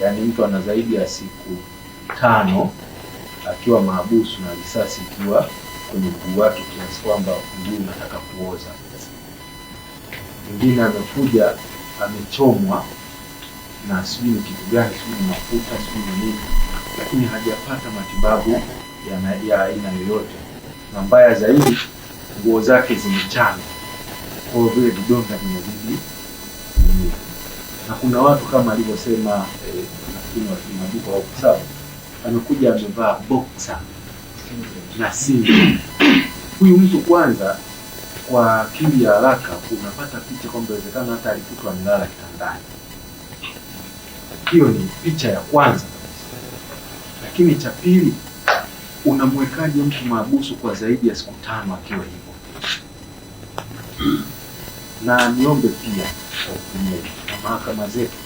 yaani mtu ana zaidi ya siku tano akiwa maabusu na risasi ikiwa kwenye mguu wake kiasi kwamba mguu unataka kuoza. Mwingine amekuja amechomwa na sijui ni kitu gani, sijui ni mafuta, sijui ni nini, lakini hajapata matibabu ya aina yoyote, na mbaya zaidi nguo zake zimechana, kwa hiyo vile vidonda vinazidi na kuna watu kama alivyosema nafikiri eh, wa kimaduka au kusabu amekuja amevaa boksa na si huyu mtu kwanza, kwa kili ya haraka unapata picha kwamba wezekana hata alikutwa amelala kitandani. Hiyo ni picha ya kwanza lakini cha pili, unamwekaje mtu maabusu kwa zaidi ya siku tano akiwa hivyo? Na niombe pia kwa mahakama zetu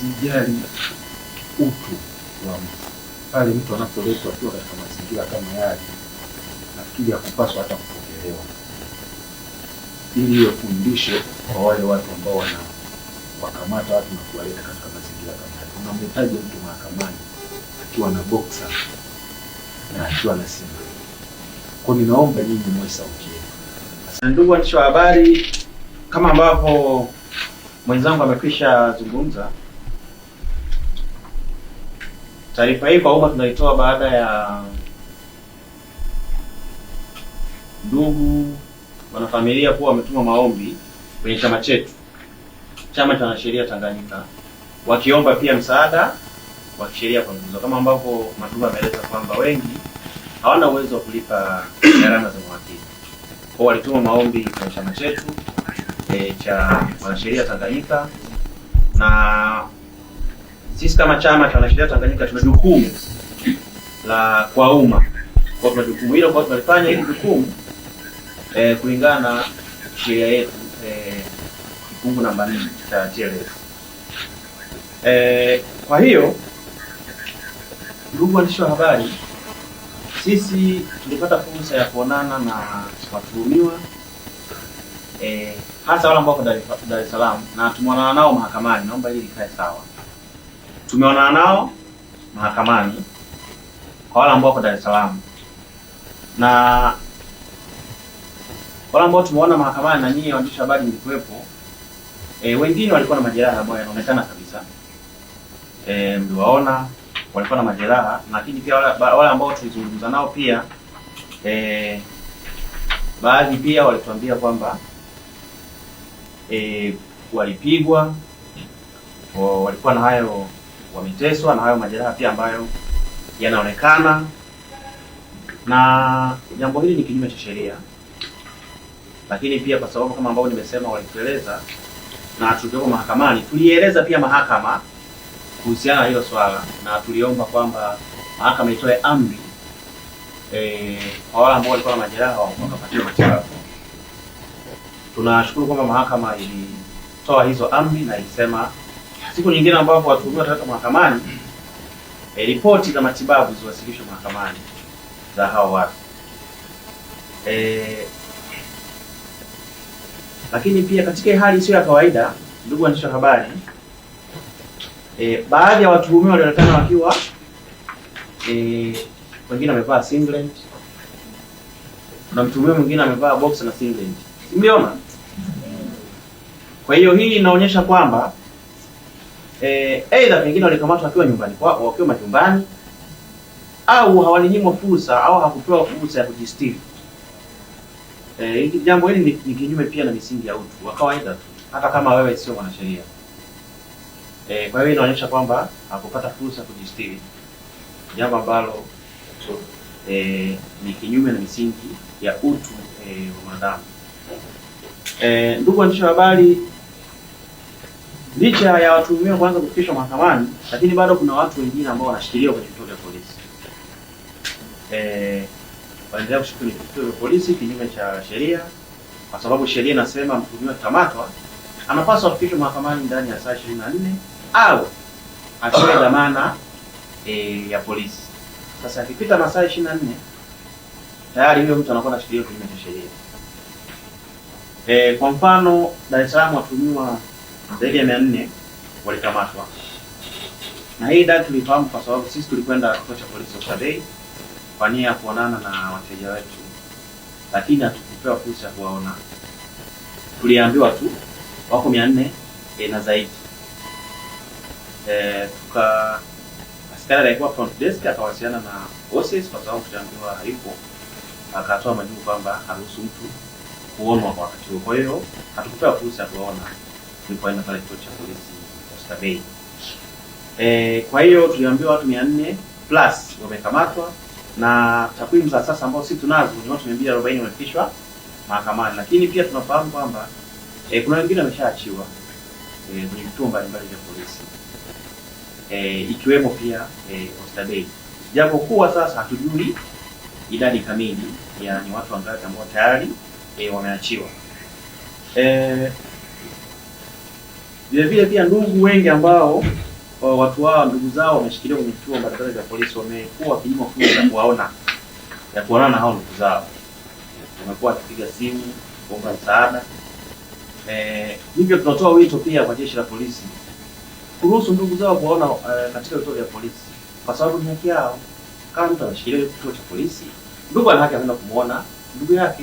zijali utu wa mtu. Pale mtu anapoletwa akiwa katika mazingira kama yale, nafikiri kupaswa hata kupokelewa, ili wafundishe kwa wale watu ambao wana wakamata watu na kuwaleta katika mazingira kama yale. Unamhitaji mtu mahakamani akiwa na boksa na akiwa na simu? Kwa ninaomba nyinyi mwe sauti. Ndugu waandishi wa habari kama ambavyo mwenzangu amekwisha zungumza, taarifa hii kwa umma tunaitoa baada ya ndugu wanafamilia kuwa wametuma maombi kwenye chama chetu, chama cha wanasheria Tanganyika, wakiomba pia msaada wa kisheria kwa ndugu kama ambavyo Matuba ameeleza kwamba wengi hawana uwezo wa kulipa gharama za mawakili, kwao, walituma maombi kwenye chama chetu e, cha wanasheria Tanganyika, na sisi kama chama cha wanasheria Tanganyika tuna jukumu la kwa umma, kwa tuna jukumu hilo, kwa tunalifanya hili jukumu e, kulingana na sheria yetu e, kifungu namba 4 cha TLS. E, kwa hiyo ndugu waandishi wa habari, sisi tulipata fursa ya kuonana na watuhumiwa eh, hasa wale ambao wako Dar es Salaam na tumeonana nao mahakamani, naomba hili likae sawa. Tumeonana nao mahakamani kwa wale ambao wako Dar es Salaam na wale ambao tumeona mahakamani na nyinyi waandishi habari mlikuwepo. eh, wengine walikuwa na majeraha ambayo yanaonekana kabisa eh, mliwaona walikuwa na majeraha, lakini pia wale ambao tulizungumza nao pia eh, baadhi pia walituambia kwamba e, walipigwa, walikuwa na hayo, wameteswa na hayo majeraha pia ambayo yanaonekana, na jambo hili ni kinyume cha sheria, lakini pia kwa sababu kama ambao nimesema walitueleza na tulioko mahakamani tulieleza pia mahakama kuhusiana na hilo swala, na tuliomba kwamba mahakama itoe amri e, kwa e, wale ambao walikuwa na majeraha wakapatiwa matibabu tunashukuru kwamba mahakama ilitoa hizo amri na ilisema siku nyingine ambapo watuhumiwa watatoka mahakamani e, ripoti za matibabu ziwasilishwe mahakamani za hao watu e, lakini pia katika hali sio ya kawaida, ndugu waandishi wa habari e, baadhi ya watuhumiwa walionekana wakiwa e, wengine wamevaa singlet. na mtuhumiwa mwingine amevaa box na singlet, mliona kwa hiyo hii inaonyesha kwamba eh, pengine walikamatwa wakiwa nyumbani kwao, wakiwa majumbani au hawalinyimwa fursa au hakupewa fursa ya kujistiri. Eh, jambo hili ni kinyume pia na misingi ya utu wa kawaida hata kama wewe sio mwanasheria. e, kwa hiyo inaonyesha kwamba hakupata fursa ya kujistiri. Jambo ambalo e, ni kinyume na misingi ya utu e, wa mwanadamu. E, ndugu waandishi wa habari, licha ya watuhumiwa kuanza kufikishwa mahakamani, lakini bado kuna watu wengine ambao wanashikiliwa kwenye vituo vya polisi e, eh, waendelea kushikiliwa kwenye vituo vya polisi kinyume cha sheria, kwa sababu sheria inasema mtuhumiwa kamatwa anapaswa kufikishwa mahakamani ndani ya saa ishirini na nne au atoe dhamana e, ya polisi. Sasa akipita masaa ishirini na nne tayari huyo mtu anakuwa anashikiliwa kinyume cha sheria. E, kwa mfano Dar es Salaam watumiwa zaidi ya 400 walikamatwa, na hii data tulifahamu kwa sababu sisi tulikwenda kituo cha polisi Osadei kwa nia ya kuonana na wateja wetu, lakini hatukupewa fursa ya kuwaona. Tuliambiwa tu wako 400 e, na zaidi e, tuka askari alikuwa front desk akawasiliana na bosses kwa sababu tuliambiwa hayupo, akatoa majibu kwamba haruhusu mtu kuonwa kwa wakati huo. Kwa hiyo hatukupewa fursa ya kuona tulipoenda pale kituo cha polisi Oysterbay. E, kwa hiyo tuliambiwa watu 400 plus wamekamatwa na takwimu za sasa ambao sisi tunazo ni watu 240 wamefikishwa mahakamani, lakini pia tunafahamu kwamba e, kuna wengine wameshaachiwa e, kwenye vituo mbalimbali vya polisi e, ikiwemo pia e, Oysterbay, japo kuwa sasa hatujui idadi kamili ya ni watu wangapi ambao tayari e, wameachiwa vilevile vile. Pia ndugu wengi ambao e, watu wao ndugu zao wameshikiliwa kwenye vituo mbalimbali vya polisi wamekuwa wakinyimwa fursa ya kuwaona ya kuonana na hao ndugu zao, wamekuwa wakipiga simu kuomba msaada. E, hivyo tunatoa wito pia kwa jeshi la polisi kuruhusu ndugu zao kuwaona uh, katika vituo vya polisi, kwa sababu ni haki yao. Kama mtu anashikiliwa kituo cha polisi, ndugu ana haki ya kwenda kumwona ndugu yake.